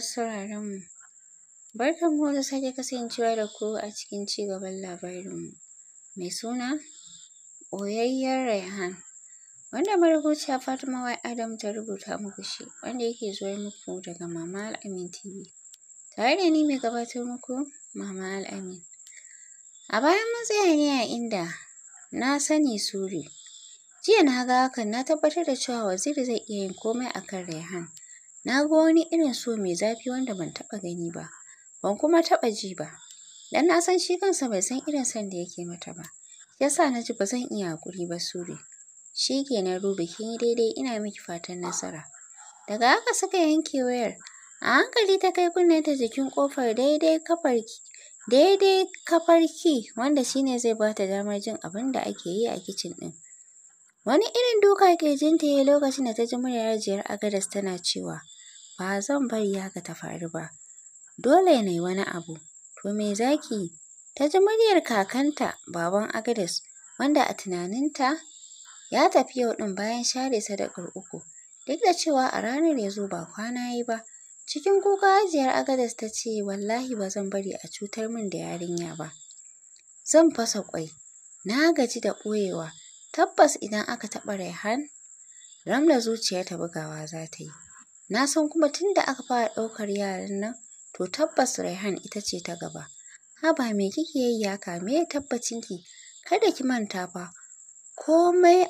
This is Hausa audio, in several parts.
sauraronmu mu. Barkan mu da sake kasancewa da ku a cikin cigaban labarin mu. Mai suna ɓoyayyen Raihan. Wanda marubuciya Fatima Y Adam ta rubuta muku shi wanda yake zuwa muku daga Mama Al'amin TV. Tare da ni mai gabatar muku Mama Al'amin. A baya mun tsaya ne a inda na sani Suri. Jiya na ga hakan na tabbatar da cewa Waziri zai iya yin komai akan Raihan. Na ga wani irin su mai zafi wanda ban taɓa gani ba, ban kuma taɓa ji ba. Dan na san shi kansa bai san irin son da yake mata ba. Yasa na ji ba zan iya haƙuri ba Sule. Shi na Rube kin yi daidai ina miki fatan nasara. Daga haka suka yanke wayar. A hankali ta kai ta jikin ƙofar daidai kafar daidai kafar ki wanda shi ne zai bata damar jin abin da ake yi a kicin ɗin. Wani irin duka ke jin ya yi lokacin da ta ji muryar Hajiyar Agadas tana cewa, ba zan bari haka ta faru ba, dole ne wani abu, to me za ki yi? Ta ji muryar kakanta Baban Agnes wanda a tunaninta ya tafi yau ɗin bayan share sadakar uku, duk da cewa a ranar ya zo ba kwana ya yi ba. Cikin kuka Hajiyar Agnes ta ce wallahi ba zan bari a cutar min da yarinya ba, zan fasa ƙwai, na gaji da ɓoyewa, tabbas idan aka taɓa Raihan ramla zuciyarta bugawa za ta yi. Na san kuma tun da aka fara ɗaukar yaran nan, to tabbas Raihan ita ce ta gaba. Haba me kike yi yaka me tabbacin ki? Kada ki manta fa, komai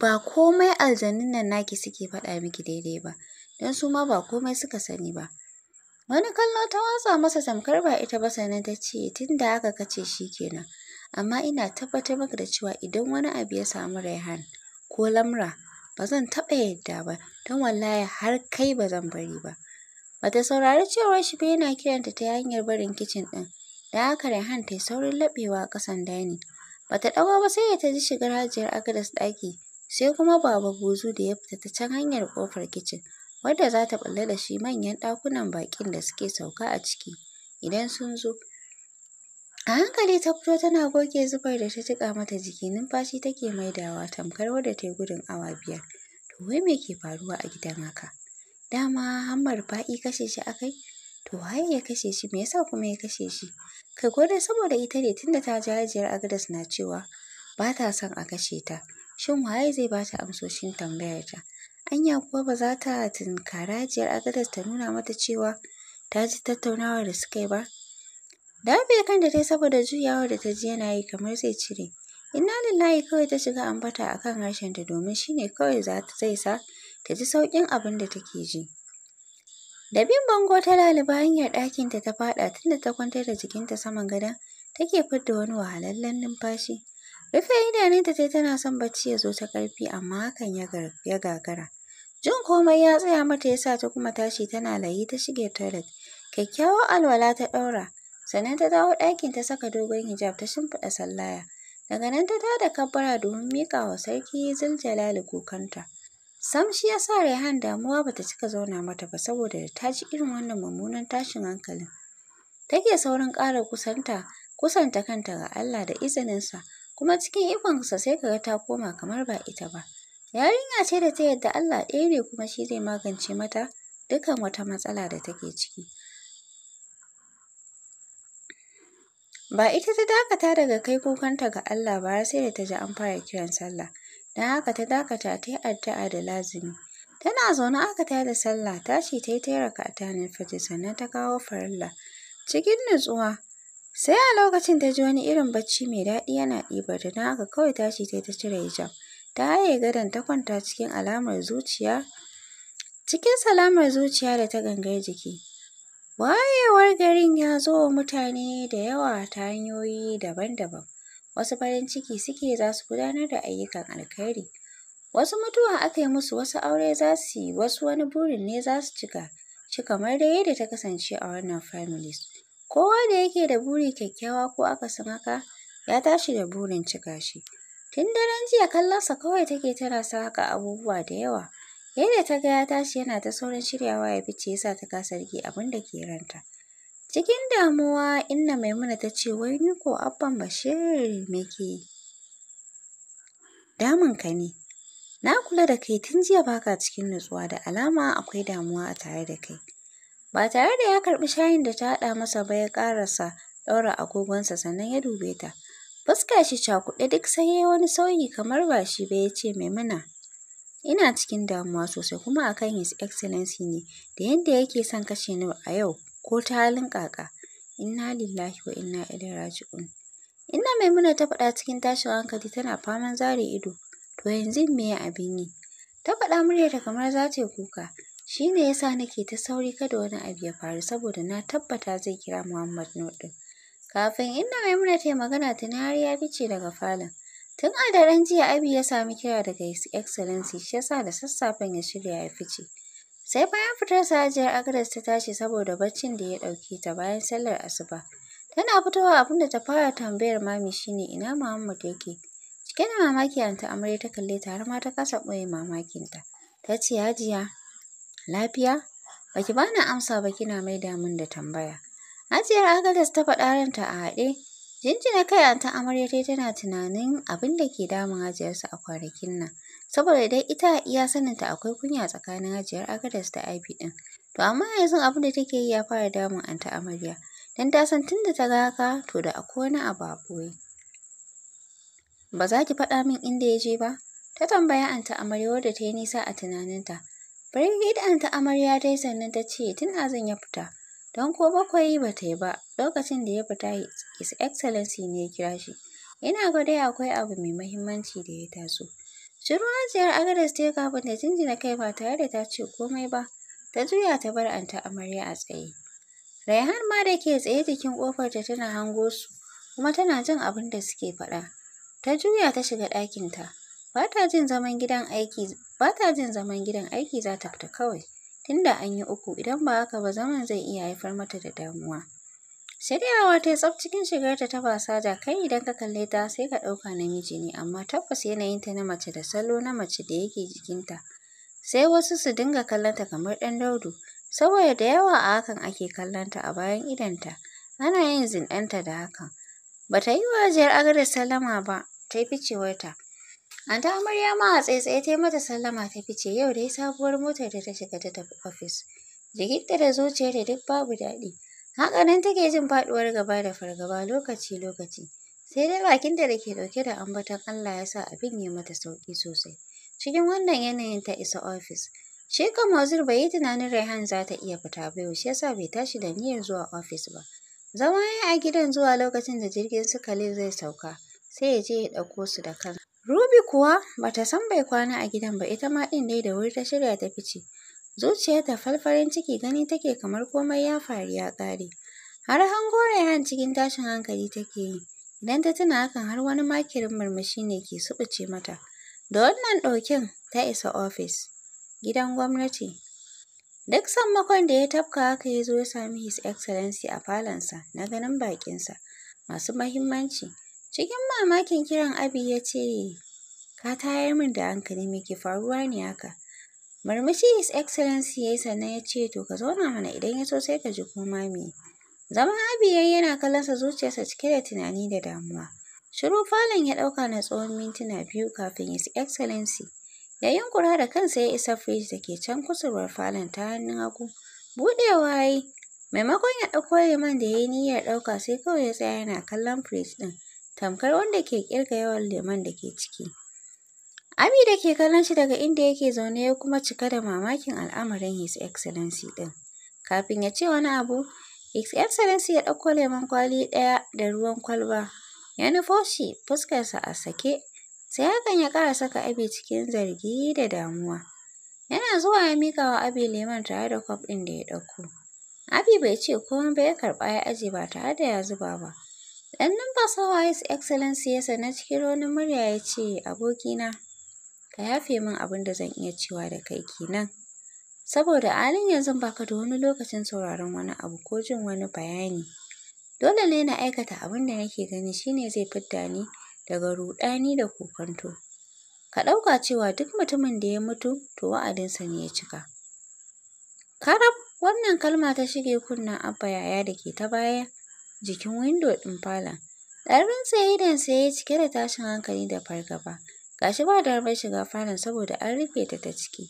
ba komai aljanun nan naki suke faɗa miki daidai ba, don su ma ba komai suka sani ba. Wani kallo ta watsa masa tamkar ba ita ba sannan ta ce tun da aka kace shi kenan. Amma ina tabbatar maka da cewa idan wani abu ya samu Raihan ko Lamra ba zan taɓa yadda ba don wallahi har kai ba zan bari ba. Bata saurari cewar shi ba yana kiranta ta hanyar barin kicin ɗin. Da haka Rehan ta saurin laɓewa a ƙasan dani. Bata ɗago ba sai ta ji shigar hajiyar Agadas ɗaki sai kuma Baba Buzu da ya fita ta can hanyar ƙofar kicin wadda za ta ɓulla da shi manyan ɗakunan baƙin da suke sauka a ciki idan sun zo. A hankali ta fito tana goge zubar da ta jiƙa mata jiki numfashi take maidawa tamkar wadda ta gudun awa biyar. To wai me ke faruwa a gidan haka? Dama hammar fa'i kashe shi akai? To waye ya kashe shi me yasa kuma ya kashe shi? Kai ko dai saboda ita ne tunda ta ji Hajiyar Agadas na cewa ba ta son a kashe ta. Shin waye zai ba ta amsoshin tambayarta? Anya kuwa ba za ta tunkari Hajiyar Agadas ta nuna mata cewa ta ji tattaunawar da suka yi ba? Dafe kan da ta yi saboda juyawar da ta ji yana yi kamar zai cire. Inna lillahi kawai ta shiga ambata a kan ta domin shi ne kawai zai sa ta ji sauƙin abin da take ji. Da bin bango ta laluba hanyar ɗakinta ta faɗa tunda ta kwantar da jikinta saman gadon take fidda wani wahalallen numfashi. Rufe ta sai tana son bacci ya zo ta ƙarfi amma hakan ya gagara. Jin komai ya tsaya mata yasa ta kuma tashi tana layi ta shige toilet. Kyakkyawar alwala ta ɗaura sannan ta dawo ɗakin ta saka dogon hijab ta shimfiɗa sallaya daga nan ta tada kabbara domin miƙa wa sarki zuljalali kukanta sam shi ya sa rehan damuwa bata cika zauna mata ba saboda da ta ji irin wannan mummunan tashin hankalin take saurin ƙara kusanta kusanta kanta ga Allah da izininsa kuma cikin ikonsa sai kaga ta koma kamar ba ita ba yarinya ce da ta yadda Allah ɗaya ne kuma shi zai magance mata dukkan wata matsala da take ciki Ba ita ta dakata daga kai kukanta ga Allah ba sai da ta ji an fara kiran sallah. dan haka ta dakata ta yi addu'a da lazimi. Tana zaune aka ta da sallah tashi ta yi ta rakata na fiti sannan ta kawo farilla. Cikin nutsuwa sai a lokacin ta ji wani irin bacci mai daɗi yana ɗibar ta don haka kawai tashi ta yi ta cire hijab. Ta haye gadon ta kwanta cikin alamar zuciya cikin salamar zuciya da ta gangar jiki. Wayewar garin ya zo wa mutane da yawa ta hanyoyi daban-daban. Wasu farin ciki suke za su gudanar da ayyukan alkhairi, wasu mutuwa aka yi musu, wasu aure za su yi, wasu wani burin ne za su cika, shi kamar dai yadda ta kasance a wannan families. Kowa da yake da buri kyakkyawa ko aka akasin haka ya tashi da burin cika shi. Tun daren jiya kallonsa kawai take tana sa haka abubuwa da yawa. Yadda ta ga ya tashi yana ta saurin shiryawa ya fice yasa ta kasa rike abin da ke ranta. Cikin damuwa inna Maimuna ta ce wai ni ko abban Bashir me ke damun ka ne? Na kula da kai tun jiya baka cikin nutsuwa da alama akwai damuwa a tare da kai. Ba tare da ya karɓi shayin da ta haɗa masa ba ya ƙarasa ɗaura agogonsa sannan ya dube ta. Fuska shi cakuɗe duk sai ya wani sauyi kamar ba shi ba ya ce Maimuna Ina cikin damuwa sosai kuma akan His Excellency ne da yadda yake son kashe ni a yau ko ta halin ƙaƙa. Inna lillahi wa inna ilaihi raji'un. Inna Maimuna ta faɗa cikin tashin hankali tana faman zare ido. To yanzu yi abin yi? Ta faɗa muryarta kamar za ta yi kuka. Shi ne ya sa nake ta sauri kada wani abu ya faru saboda na tabbata zai kira Muhammad Nur ɗin. Kafin Inna Maimuna ta yi magana ta har ya fice daga falon. Tun a daren jiya Abi ya sami kira daga His Excellency shi yasa da sassafen ya shirya ya fice. Sai bayan fitar sa Hajiyar Agnes ta tashi saboda baccin da ya ɗauke ta bayan sallar asuba. Tana fitowa abin da ta fara tambayar mami shine ina Muhammad yake. Cike da mamaki ta Amarya ta kalle ta har ma ta kasa ɓoye mamakinta. Ta ce Hajiya lafiya? Baki bani amsa ba kina maida min da tambaya. Hajiyar Agnes ta faɗa ranta a haɗe. Jinjina kai ta amarya tana tunanin abin da ke damun hajiyarsa a kwanakin nan. Saboda dai ita iya sanin ta akwai kunya tsakanin hajiyar Agadas da Abi ɗin. To amma yanzu abin da take yi ya fara damun ta amarya. Don ta san tunda ta ga haka to da akwai wani abu a ɓoye. Ba za ki faɗa min inda ya je ba? Ta tambaya ta amarya wadda ta yi nisa a tunaninta. Firgigit ta amarya dai sannan ta ce tun zan ya fita. don ko bakwai ba ta yi ba lokacin da ya fita his excellency ne ya kira shi ina ga akwai abu mai mahimmanci da ya taso shiru ajiyar agadas ta yi kafin ta jinjina kai ba tare da ta ce komai ba ta juya ta bar anta amarya a tsaye raihan ma da ke tsaye jikin kofar ta tana hango su kuma tana jin abin da suke faɗa ta juya ta shiga ɗakinta ba ta jin zaman gidan aiki ba ta jin zaman gidan aiki za ta fita kawai tunda an yi uku idan ba haka ba zaman zai iya haifar mata da damuwa. Sai ta yi tsaf cikin shigarta ta da kai idan ka kalle ta sai ka ɗauka namiji ne amma tabbas yanayin ta na mace da salo na mace da yake jikinta. Sai wasu su dinga kallonta kamar ɗan daudu saboda da yawa a hakan ake kallonta a bayan idonta ana yin zinɗanta da hakan. bata yi wa jiyar salama sallama ba ta yi ficewarta. Anta amarya ma a tsaitsaye ta yi mata sallama ta fice yau dai sabuwar motar da ta shiga ta tafi ofis. Jikinta da zuciyarta duk babu daɗi. Haka nan take jin faɗuwar gaba da fargaba lokaci-lokaci. Sai dai bakinta da ke ɗauke da ambaton Allah ya sa abin ya mata sauƙi sosai. Cikin wannan yanayin ta isa ofis. Shi kan Mazur bai yi tunanin Raihan za ta iya fita ba yau shi yasa bai tashi da niyyar zuwa ofis ba. Zama ya yi a gidan zuwa lokacin da jirgin su zai sauka, sai ya je ya ɗauko su da kansa. Rabi kuwa ba ta san bai kwana a gidan ba ita ma ɗin dai da wuri ta shirya ta fice. Zuciyarta falfarin ciki gani take kamar komai ya faru ya ƙare. Har hango Raihan cikin tashin hankali take yi. Idan ta tuna hakan har wani makirin murmushi ne ke suɓuce mata. Da wannan ɗaukin ta isa ofis. Gidan gwamnati. Duk sammakon da ya tafka haka ya zo ya sami His Excellency a falonsa na ganin baƙinsa masu mahimmanci. Cikin mamakin kiran Abi ya ce, Ka tayar min da hankali me ke faruwa ne haka? Murmushi His Excellency ya yi sannan ya ce to ka zauna mana idan ya so sai ka ji koma me. Zaman abiya yana kallon sa zuciyarsa cike da tunani da damuwa. Shiru falon ya ɗauka na tsawon mintuna biyu kafin His Excellency ya yunkura da kansa ya isa firij da ke can kusurwar falon ta hannun hagu. Buɗewa ya maimakon ya ɗauko lemon da ya yi niyyar ɗauka sai kawai ya tsaya yana kallon firij ɗin tamkar wanda ke ƙirga yawan lemon da ke ciki. Ami da ke kallon shi daga inda yake zaune ya kuma cika da mamakin al'amarin His Excellency ɗin. Kafin ya ce wani abu, His Excellency ya ɗauko lemon kwali ɗaya da ruwan kwalba. Ya nufo shi fuskarsa a sake, sai hakan ya ƙara saka Abi cikin zargi da damuwa. Yana zuwa ya miƙa wa Abi lemon tare da kwaf ɗin da ya ɗauko. Abi bai ce komai ba ya karɓa ya aje ba tare da ya zuba ba. Ɗan numfasawa His Excellency ya na cikin ronin murya ya ce, abokina. ka yafe min abin da zan iya cewa da kai kenan saboda a halin yanzu ka da wani lokacin sauraron wani abu ko jin wani bayani dole ne na aikata abin da nake gani shine zai fidda ni daga ruɗani da kokonto ka ɗauka cewa duk mutumin da ya mutu to wa'adinsa ne ya cika karab wannan kalma ta shige kunnen abba yaya da ke ta baya jikin windo ɗin falon ɗarin tsaye dansa ya yi cike da tashin hankali da fargaba gashi ba da damar shiga falon saboda an rufe ta ta ciki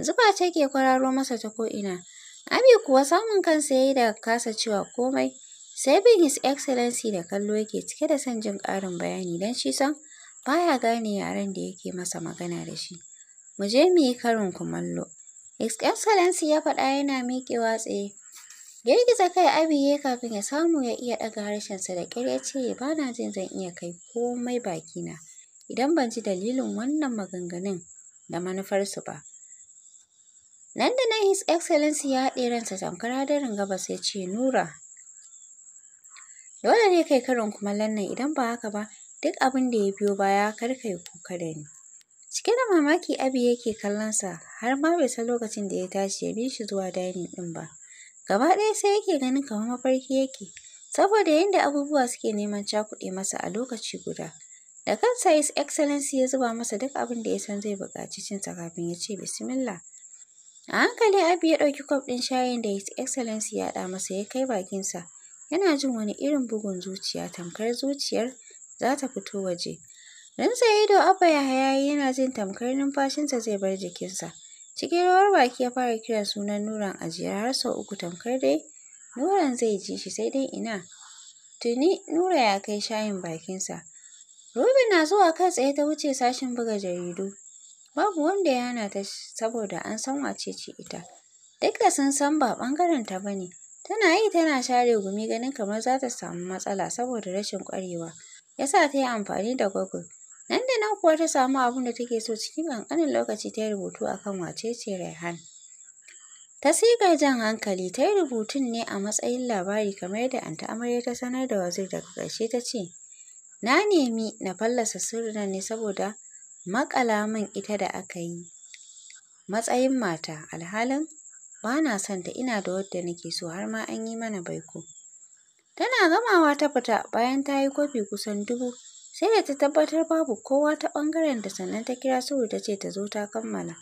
zuba ce ke kwararo masa ta ko'ina abi kuwa samun kansa yayi yi da kasa cewa komai sai bin his excellency da kallo yake cike da son jin ƙarin bayani dan shi san baya gane yaren da yake masa magana da shi mu je mu yi karin kumallo his excellency ya faɗa yana miƙewa tsaye girgiza kai abi yayi kafin ya samu ya iya ɗaga harshensa da ƙyar ya ce ba na jin zan iya kai komai bakina idan ban ji dalilin wannan maganganun da manufarsu ba. Nan da nan His Excellency ya haɗe ransa tamkara daren gabas ya ce Nura. Dole ne kai karin kumallon nan idan ba haka ba duk abin da ya biyo baya kar ka yi kuka da ni. Cike da mamaki Abi yake sa, har ma bai san lokacin da ya tashi ya bi shi zuwa dining ɗin ba. Gaba ɗaya sai yake ganin kamar mafarki yake saboda yadda abubuwa suke neman cakuɗe masa a lokaci guda. Da kansa His Excellency ya zuba masa duk abin da ya san zai buƙaci cinsa kafin ya ce bismillah. A hankali Abi ya ɗauki kwaf ɗin shayin da His Excellency ya ɗa masa ya kai bakinsa. Yana jin wani irin bugun zuciya tamkar zuciyar za ta fito waje. Rinsa ido Abba ya hayayi yana jin tamkar numfashinsa zai bar jikinsa. Cikin rawar baki ya fara kiran sunan Nuran ajiya har sau uku tamkar dai Nuran zai ji shi sai dai ina. Tuni Nura ya kai shayin bakinsa. Rubin na zuwa kai tsaye ta wuce sashen buga jaridu. Babu wanda ya hana ta saboda an san wace ce ita. Duk da sun san ba ta ba ne. Tana yi tana share gumi ganin kamar za ta samu matsala saboda rashin ƙwarewa. Ya sa ta yi amfani da Google. Nan da nan kuwa ta samu abin da take so cikin ƙanƙanin lokaci ta yi rubutu a kan wace ce Raihan. Ta siga jan hankali ta yi rubutun ne a matsayin labari kamar yadda Anta Amarya ta sanar da Wazir daga ƙarshe ta ce, Na nemi na fallasa sirrin ne saboda maƙala min ita da aka yi matsayin mata alhalin ba na son ta ina da wadda nake so har ma an yi mana baiko. Tana gamawa ta fita bayan ta yi kofi kusan dubu sai da ta tabbatar babu kowa ta ɓangaren da sannan ta kira Suru ta ce ta zo ta kammala.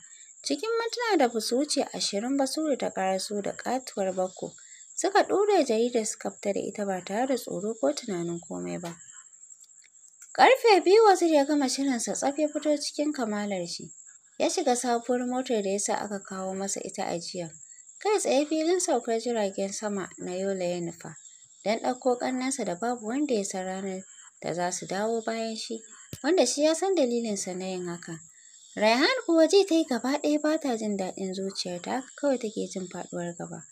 Cikin mintuna da ba su wuce ashirin ba Suru ta karasu da katuwar bakko. suka ɗure jaridar suka fita da ita ba tare da tsoro ko tunanin komai ba. Ƙarfe biyu Wazir ya gama shirinsa tsaf ya fito cikin kamalar shi. Ya shiga sabuwar motar da ya sa aka kawo masa ita a jiya. Kai tsaye filin saukar jiragen sama na Yola ya nufa. Don ɗauko ƙannensa da babu wanda ya san ranar da za su dawo bayan shi, wanda shi ya san dalilinsa na yin haka. Raihan kuwa ji ta yi gaba ɗaya ba ta jin daɗin zuciyarta, kawai take jin faɗuwar gaba.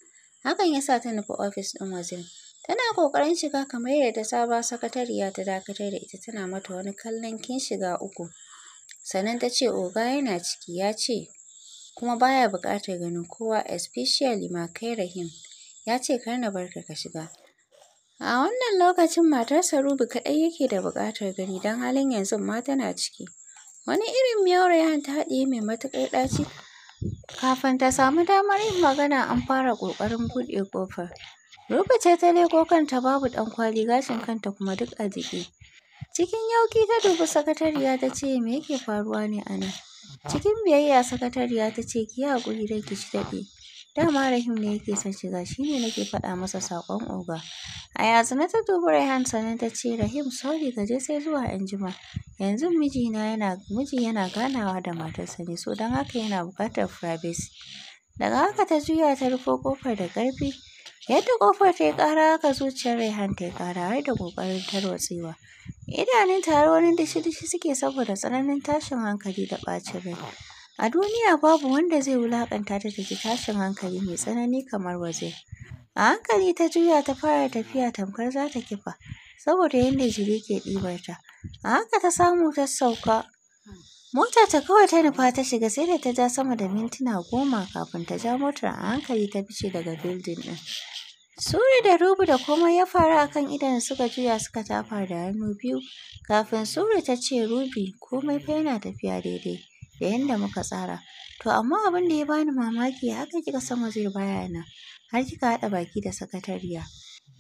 Hakan ya sa ta nufi ofis ɗin Wazir. Tana ƙoƙarin shiga kamar yadda sabuwar sakatariya ta dakatar da ita tana mata wani kallon kin shiga uku. Sannan ta ce oga yana ciki ya ce kuma baya buƙatar ganin kowa especially ma kai Rahim. Ya ce kar na barka ka shiga. A wannan lokacin matarsa Rubi kaɗai yake da buƙatar gani don halin yanzu ma tana ciki. Wani irin miyau Rayhan ta haɗiye mai matuƙar ɗaci. Kafin ta samu damar yin magana an fara ƙoƙarin buɗe ƙofar. Rufe ce ta leko kanta babu ɗankwali gashin kanta kuma duk a jiki. Cikin yauƙi ta dubi sakatariya ta ce me yake faruwa ne a nan? Cikin biyayya sakatariya ta ce ki yi haƙuri don ki ci daɗe. Dama Rahim ne yake son shiga shi ne nake faɗa masa saƙon oga. A na ta dubi rahim sannan ta ce Rahim sorry ka je sai zuwa 'yanjima. Yanzu mijina yana miji yana ganawa da matarsa ne so don haka yana buƙatar privacy. Daga haka ta juya ta rufo ƙofar da ƙarfi. Yadda ƙofar ta yi ƙara haka zuciyar Raihan ta yi ƙara har da ƙoƙarin tarwatsewa. idanun tare wani dishi-dishi suke saboda tsananin tashin hankali da ɓacin rai. A duniya babu wanda zai wulaƙanta ta da tashin hankali mai tsanani kamar waje. A hankali ta juya ta fara tafiya tamkar za ta kifa saboda yadda jiri ke ɗibarta. A haka ta samu ta sauka Mota ta kawai ta nufa ta shiga sai da ta ja sama da mintuna goma kafin ta ja motar a hankali ta fice daga bildin ɗin. Suri da Rubu da komai ya faru a kan idan suka juya suka tafa da hannu biyu kafin Suri ta ce Rubi komai fa yana tafiya daidai da yadda muka tsara. To amma abin da ya bani mamaki haka kika san wazir baya nan har kika haɗa baki da sakatariya.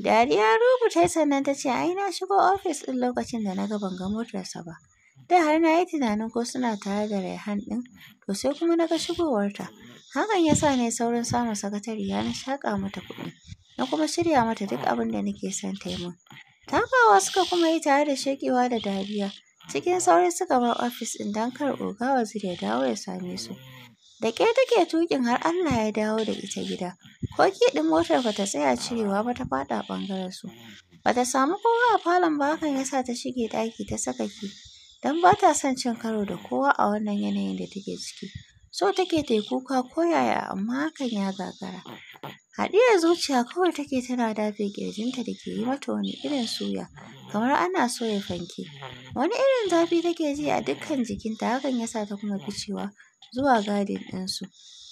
Dariya Rubu ta yi sannan ta ce ai na shigo ofis ɗin lokacin da na ga ban ga motarsa ba. Da har na yi tunanin ko suna tare da Raihan ɗin, to sai kuma na ga shigowarta. Hakan ya sa ne saurin samun ya na shaƙa mata kuɗi, na kuma shirya mata duk abin da nake son ta yi min. suka kuma yi tare da sheƙewa da dariya. Cikin sauri suka bar ofis ɗin don kar oga Waziri ya dawo ya same su. Da ke take tukin har Allah ya dawo da ita gida. Ko ɗin motar ba ta tsaya cirewa ba ta faɗa ɓangaren su. Ba ta samu kowa a falon ba hakan ya sa ta shige ɗaki ta saka ki. don ba ta son cin karo da kowa a wannan yanayin da take ciki. So take ta yi kuka ko yaya amma hakan ya gagara. Haɗiyar zuciya kawai take tana dafe ƙirjinta da ke yi mata wani irin suya, kamar ana soya fanke. Wani irin zafi take ji a dukkan jikinta hakan yasa ta kuma ficewa zuwa gadin ɗinsu.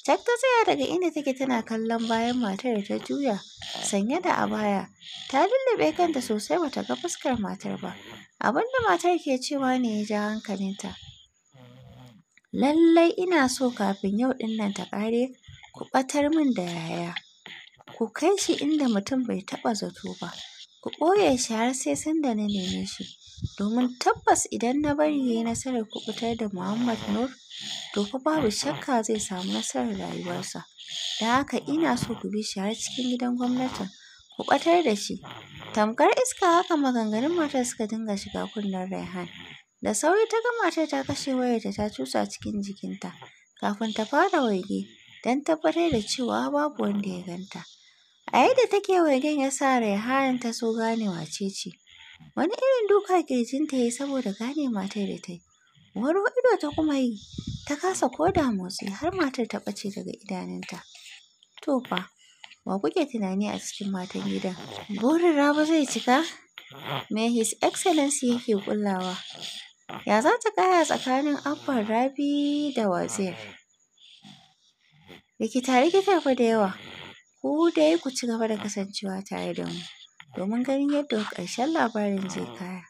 Jack ta tsaya daga inda take tana kallon bayan matar da ta juya sanye da abaya. Ta lullube kanta sosai ba ta ga fuskar matar ba. Abinda matar ke cewa ne ya ja hankalinta. Lallai ina so kafin yau din nan ta kare ku ɓatar min da yaya. Ku kai shi inda mutum bai taɓa zato ba. ku ɓoye shi har sai sanda na neme shi domin tabbas idan na bari yayi yi nasarar kuɓutar da Muhammad Nur to fa babu shakka zai samu nasarar rayuwarsa don haka ina so ku bi shi har cikin gidan gwamnatin ku ɓatar da shi tamkar iska haka maganganun matar suka dinga shiga kunnen Raihan da sauri ta ga matar ta kashe wayarta ta cusa cikin jikinta kafin ta fara waige don tabbatar da cewa babu wanda ya ganta. A yadda take wagen ya sa Raihanan ta so gane wace ce. Wani irin duka ƙirjinta ta yi saboda gane matar da ta yi. Waro ido ta kuma yi, ta kasa koda motsi har matar ta ɓace daga idanunta. To fa, wa kuke tunani a cikin matan gidan? Burin rabu zai cika? Me His Excellency yake kullawa. Ya za ta kaya tsakanin Abban Rabi da Wazir? rikita rikita fa da yawa. Ku dai ku ci gaba da kasancewa tare da mu domin ganin yadda ƙarshen labarin zai kaya.